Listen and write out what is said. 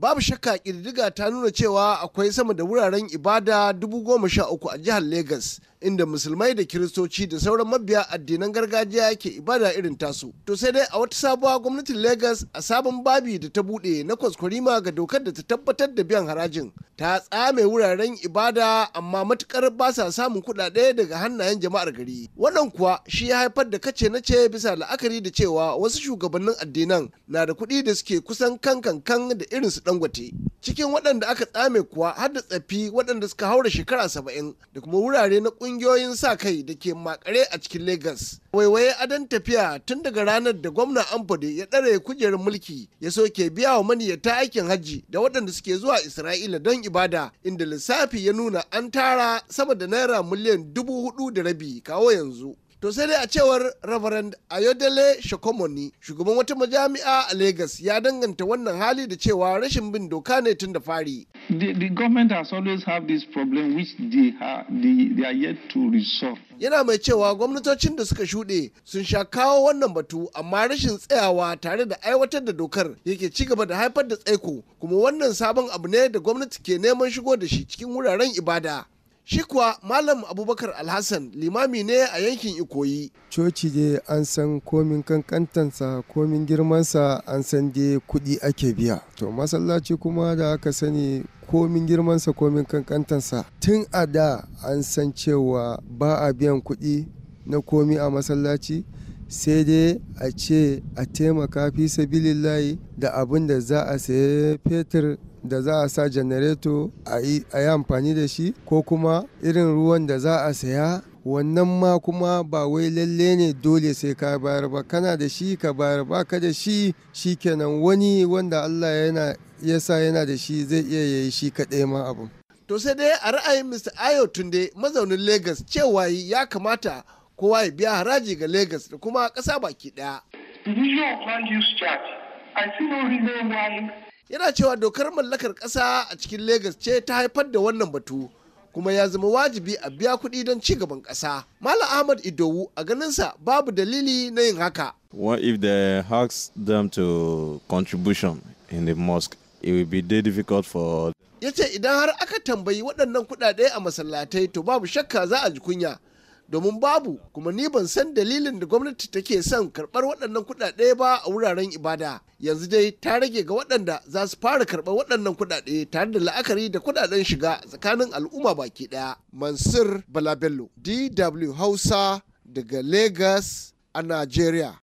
babu shakka ƙididdiga ta nuna cewa akwai sama da wuraren ibada dubu goma sha uku a jihar Legas inda musulmai da kiristoci da sauran mabiya addinan gargajiya ke ibada irin tasu to sai dai a wata sabuwa gwamnatin Legas a sabon babi da ta buɗe na kwaskwarima ga dokar da ta tabbatar da biyan harajin ta tsame wuraren ibada amma matukar ba sa samun kuɗaɗe daga hannayen jama'ar gari wannan kuwa shi ya haifar da kace na ce bisa la'akari da cewa wasu shugabannin addinan na da kuɗi da suke kusan kan kan da irin su dangote cikin waɗanda aka tsame kuwa har da tsafi waɗanda suka haura shekara saba'in da kuma wurare na ƙungiyoyin sa kai da ke makare a cikin Legas. Waiwaye adon tafiya tun daga ranar da gwamna Amfode ya ɗare kujerar mulki ya soke biya wa maniyyata aikin hajji da waɗanda suke zuwa Isra'ila don ibada inda lissafi ya nuna an tara sama da naira miliyan dubu hudu da rabi kawo yanzu. To sai dai a cewar Reverend Ayodele Shokomoni, shugaban wata majami'a a Legas, ya danganta wannan hali da cewa rashin bin doka ne tun da fari. The, the government has always have this problem which they, ha, they, they are yet to resolve. Yana mai cewa gwamnatocin da suka shuɗe sun sha kawo wannan batu amma rashin tsayawa tare da aiwatar da dokar yake ci gaba da haifar da tsaiko kuma wannan sabon abu ne da gwamnati ke neman shigo da shi cikin wuraren ibada. Shi kuwa Malam Abubakar Alhassan limami ne a yankin Ikoyi. Coci ne an san komin kankantansa komin girmansa an san je kuɗi ake biya. To masallaci kuma da aka sani komin girmansa komin kankantansa. Tun a da an san cewa ba a biyan kuɗi na komi a masallaci sai dai a ce a taimaka fi sabilillahi da abin da za a saye fetur da za a sa janareto a yi amfani da shi ko kuma irin ruwan da za a saya wannan ma kuma ba wai lalle ne dole sai ka bayar ba kana da shi ka bayar ba ka da shi shi kenan wani wanda Allah yana ya sa yana da shi zai iya yayi shi kaɗai ma abin. To sai dai a ra'ayin Mr. Ayo Tunde mazaunin legas cewa ya kamata kowa ya biya haraji ga legas da kuma ƙasa baki ɗaya. The usual land use charge, I see no reason why yana cewa dokar mallakar ƙasa a cikin Legas ce ta haifar da wannan batu kuma ya zama wajibi a biya kuɗi don ci gaban ƙasa. Malam Ahmad Idowu a ganinsa babu dalili na yin haka. What if they ask them to contribution in the mosque? It will be difficult for. Ya idan har aka tambayi waɗannan kuɗaɗe a masallatai to babu shakka za a ji kunya. domin babu kuma ni ban san dalilin da gwamnati take son karɓar waɗannan kuɗaɗe ba a wuraren ibada yanzu dai ta rage ga waɗanda za su fara karɓar waɗannan kuɗaɗe tare da la'akari da kuɗaɗen shiga tsakanin al'umma baki ɗaya mansur balabello dw hausa daga Legas, a nigeria